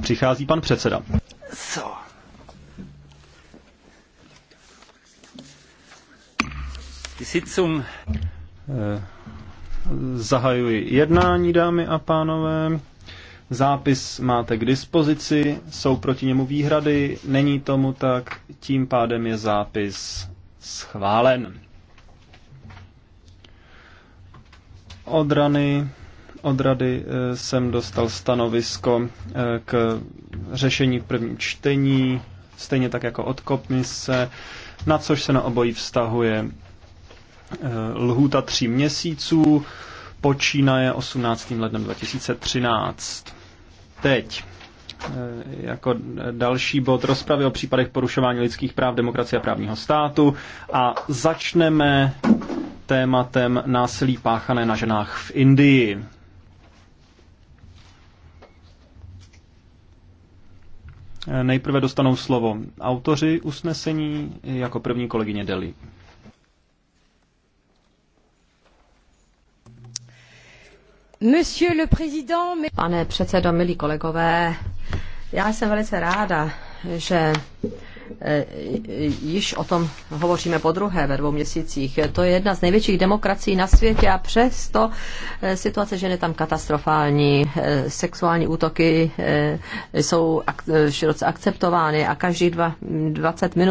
Přichází pan předseda. So. Die eh, Zahajuji jednání, dámy a pánové. Zápis máte k dispozici, jsou proti němu výhrady, není tomu tak, tím pádem je zápis schválen. Odrany od rady eh, jsem dostal stanovisko eh, k řešení v prvním čtení, stejně tak jako od komise, na což se na obojí vztahuje eh, lhůta tří měsíců, počínaje 18. lednem 2013. Teď jako další bod rozpravy o případech porušování lidských práv, demokracie a právního státu a začneme tématem násilí páchané na ženách v Indii. Nejprve dostanou slovo autoři usnesení jako první kolegyně Deli. Pane předsedo, milí kolegové, já jsem velice ráda, že Eh, již o tom hovoříme po druhé ve dvou měsících. To je jedna z největších demokracií na světě a přesto eh, situace žen je tam katastrofální. Eh, sexuální útoky jsou široce akceptovány a každých 20 minut